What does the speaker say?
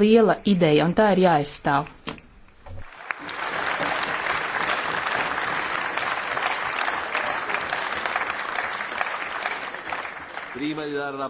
liela ideja, un tā ir jāaizstāv.